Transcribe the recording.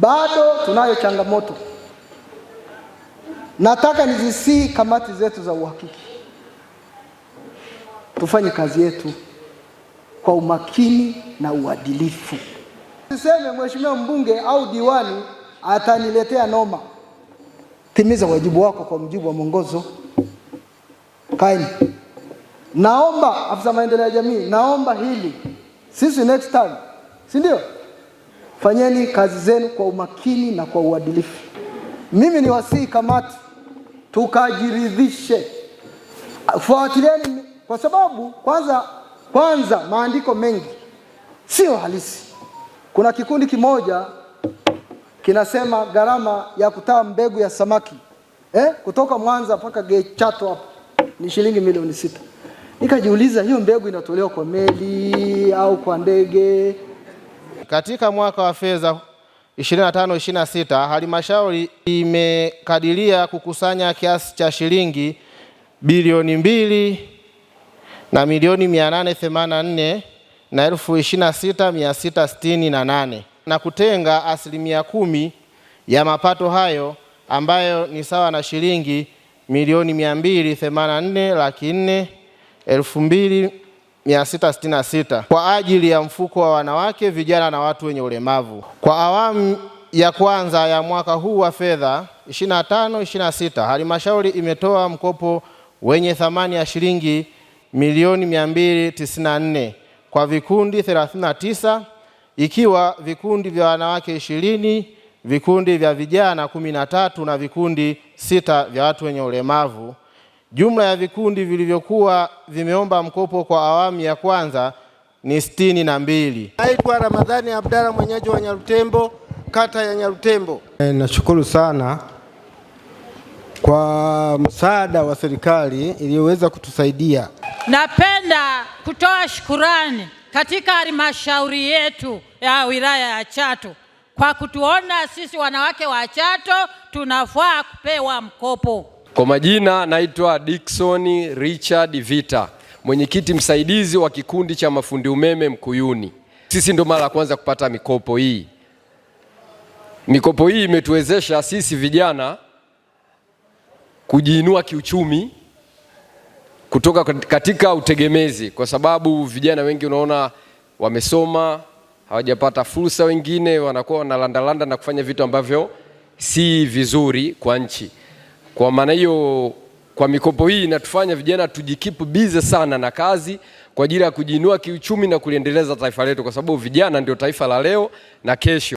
bado tunayo changamoto. Nataka nizisii kamati zetu za uhakiki tufanye kazi yetu kwa umakini na uadilifu. Siseme mheshimiwa mbunge au diwani ataniletea noma. Timiza wajibu wako kwa mujibu wa mwongozo. Kaini, naomba afisa maendeleo ya jamii, naomba hili sisi next time, si ndio? Fanyeni kazi zenu kwa umakini na kwa uadilifu. Mimi ni wasihi kamati, tukajiridhishe, fuatilieni, kwa sababu kwanza kwanza maandiko mengi sio halisi. Kuna kikundi kimoja kinasema gharama ya kutaa mbegu ya samaki eh, kutoka Mwanza mpaka Gechato hapo ni shilingi milioni sita. Nikajiuliza, hiyo mbegu inatolewa kwa meli au kwa ndege? Katika mwaka wa fedha 25-26 halmashauri imekadiria kukusanya kiasi cha shilingi bilioni mbili na milioni 884 na elfu 26668 na kutenga asilimia kumi ya mapato hayo ambayo ni sawa na shilingi milioni 284 laki 4 elfu mbili 666 kwa ajili ya mfuko wa wanawake, vijana na watu wenye ulemavu kwa awamu ya kwanza ya mwaka huu wa fedha 25 26, halmashauri imetoa mkopo wenye thamani ya shilingi milioni 294 kwa vikundi 39 ikiwa vikundi vya wanawake ishirini, vikundi vya vijana 13 na na vikundi sita vya watu wenye ulemavu Jumla ya vikundi vilivyokuwa vimeomba mkopo kwa awamu ya kwanza ni sitini na mbili. Naitwa Ramadhani Abdalla, mwenyeji wa Nyarutembo, kata ya Nyarutembo. E, nashukuru sana kwa msaada wa serikali iliyoweza kutusaidia. Napenda kutoa shukurani katika halmashauri yetu ya wilaya ya Chato kwa kutuona sisi wanawake wa Chato tunafaa kupewa mkopo. Kwa majina naitwa Dickson Richard Vita, mwenyekiti msaidizi wa kikundi cha mafundi umeme Mkuyuni. Sisi ndo mara ya kwanza kupata mikopo hii. Mikopo hii imetuwezesha sisi vijana kujiinua kiuchumi kutoka katika utegemezi, kwa sababu vijana wengi unaona wamesoma hawajapata fursa, wengine wanakuwa wanalandalanda na kufanya vitu ambavyo si vizuri kwa nchi. Kwa maana hiyo, kwa mikopo hii inatufanya vijana tujikipu bize sana na kazi kwa ajili ya kujiinua kiuchumi na kuliendeleza taifa letu, kwa sababu vijana ndio taifa la leo na kesho.